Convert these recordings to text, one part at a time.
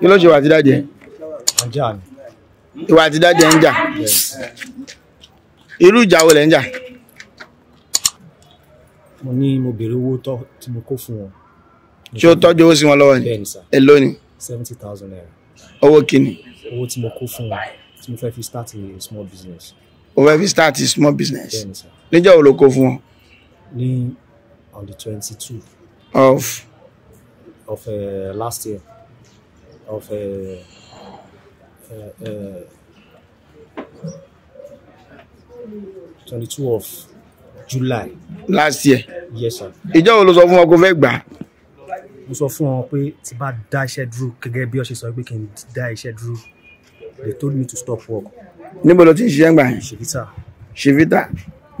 kí ló ṣe wà tí dájẹ́ ìwà tí dájẹ́ ń jà irú ìjà wo lẹ̀ ń jà. mo ní mo béèrè owó tọ́ tí mo kó fún wọn. ṣé o tọ́jú owó sí wọn lọ́wọ́ ni èló ni. seventy thousand naira. owó kíni. owó tí mo kó fún wọn tí mo fẹ́ fi start a small business. o fẹ́ fi start a small business. níjọ́ wo ló kó fún wọn. ní on the twenty-two. of. of uh, last year of a, a, a 22 of July. last year. yes sir. ìjọ wo ló sọ fún ọ kó fẹ́ gbà. mo sọ fún ọ pé tí bá dá iṣẹ́ dúró gẹ́gẹ́ bí ọ sọ pé kí n dá iṣẹ́ dúró they told me to stop work. níbo ló ti ń ṣiṣẹ́ ń gbà yẹn. ṣèvítà. ṣèvítà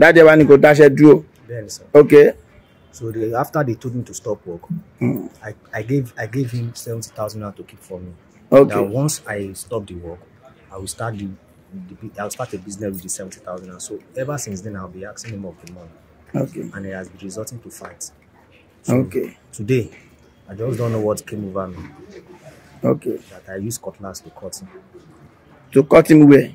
dájẹ́ wa ni kò dáṣẹ́ dúró. bẹ́ẹ̀ ni okay. So after they told me to stop work, mm. I, I gave I gave him seventy thousand naira to keep for me. Okay. Now once I stop the work, I will start the, the I'll start a business with the seventy thousand naira. So ever since then, I'll be asking him of the money. Okay. And it has been resulting to fights. So okay. Today, I just don't know what came over me. Okay. That I use cutlass to cut him. To cut him where?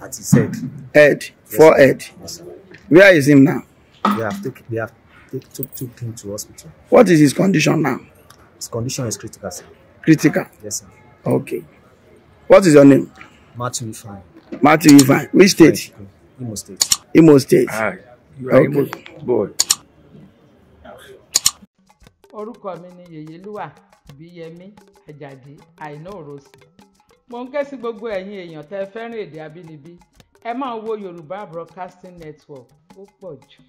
At his head. Head. Yes, forehead. Yes, Where is him now? They have taken they have take, took, took him to hospital. What is his condition now? His condition is critical, sir. Critical? Yes, sir. Okay. What is your name? Martin Ifeanyi. Martin Ifeanyi. Which state? Imo State. Imo State. Ah, you are okay. Imo boy. Orúkọ mi ni Yèyélúwà Bíyẹmí Àjàdí Àìná Òrosì. Mo ń ké sí gbogbo ẹ̀yin èèyàn tẹ́ fẹ́ràn èdè abínibí ẹ máa wo Yorùbá Broadcasting Network ó pọ̀ jù.